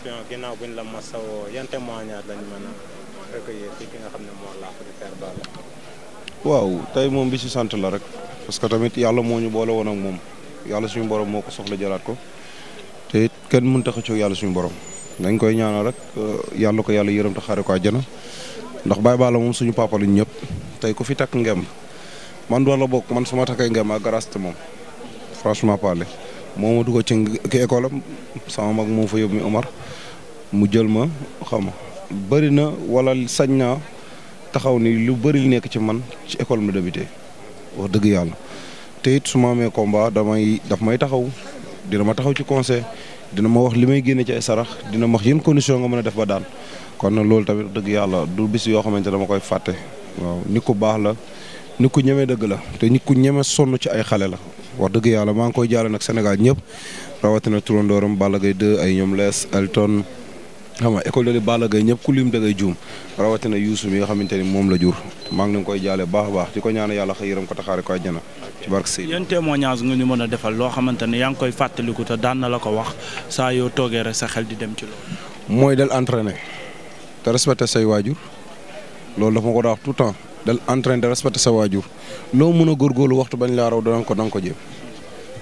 champion ginnaaw buñ la masawoo yan témoignage lañ mën a recueillir ci ki xam ne moo waaw tey moom bi si sant la rek parce que tamit yàlla moo ñu boole woon moom yàlla suñu borom moo ko soxla jëlaat ko te it kenn mënut a xëccoo yàlla suñu borom dañ koy ñaanal rek euh, yàlla ko yàlla yërëm te ko àjjana ndax Baye Balla moom suñu papa lañ ñëpp tey ku fi takk ngemb man doon la bokk man suma takkay ngemb ak grâce te moom franchement parler. moom ma dugal ci ki école sama mag moo fa yóbbu mi Omar mu jël ma xam ma bëri na wala sañ naa taxaw ni lu bëri nekk ci man ci école mu débuté wax dëgg yàlla te it su ma amee combat damay daf may taxaw dina ma taxaw ci conseil dina ma wax li may génne ci ay sarax dina ma wax condition nga mën a def ba daan kon nag loolu tamit dëgg yàlla du bis yoo xamante ne dama koy fàtte waaw nit ku baax la nit ku ñeme dëgg la te nit ku ñeme sonn ci ay xale la wax dëgg yàlla maa ngi koy jaale nag Sénégal ñëpp rawatina turandooram Balla Gaye 2 ay ñoom lees Elton xam nga école de Balla Gaye ñëpp ku lim da ngay juum rawatina Youssou mi nga xamante ni moom la jur maa ngi leen koy jaale baax a baax di ko ñaanal yàlla xëy yërëm ko taxaare ko àjjana ci barke Seydou. yan témoignage nga ñu mën a defal loo xamante ne yaa ngi koy fàttaliku te daan na la ko wax saa yoo toogee rek sa xel di dem ci loolu. mooy del entraîné te respecté say waajur loolu ko daa wax dal en de respecter sa waajur loo mën a góorgóorlu waxtu bañ laa raw danga ko danga ko jéem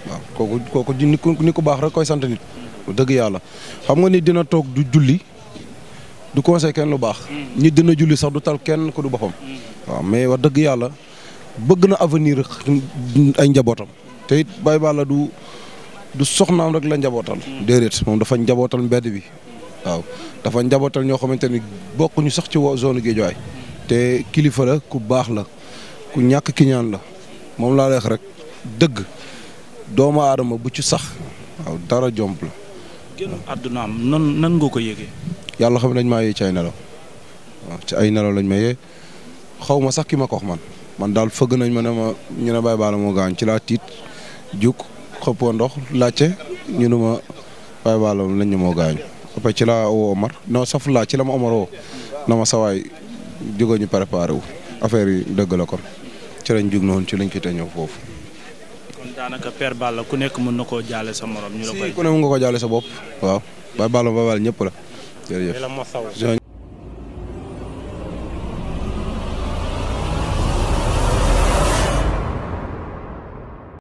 waaw kooku kooku ni ku ni ku baax rek koy sant nit dëgg yàlla xam nga ni dina toog du julli du conseil kenn lu baax ñi mm. dina julli sax du tal kenn ko du boppam mm. waaw mais wax dëgg yàlla bëgg na avenir ay njabootam te it bay bala du du soxnaam rek la njabootal mm. déedéet moom dafa njabootal mbedd bi waaw dafa njabootal ñoo xamante ni bokkuñu sax ci zone Guédiawaye te kilifa la ku baax la ku ñàkk kiñaan la moom laa leex rek dëgg doomu aadama bu ci sax waaw dara jomb la. àddunaam nan nan nga ko yëgee. yàlla xam ne ma maa yee ci ay nelaw waaw ay nelaw lañ ma yee xaw ma sax ki ma ko wax man man daal fëgg nañ ma ne ma ñu ne Baye Balla moo gaañ ci laa tiit juk xëppoo ndox laajte ñu ne ma lañ ñu moo gaañ après ci laa woo Omar non saf laa ci la ma Omar woo na ma sawaay jógoo ñu préparé wu affaire yi dëgg la kon ci lañ jug noonu ci lañ fi te foofu. kon daanaka Père ku nekk mën na koo jaale sa morom. ñu la koy nga koo jaale sa bopp waaw. Baye Balla Baye Balla ñëpp la jërëjëf.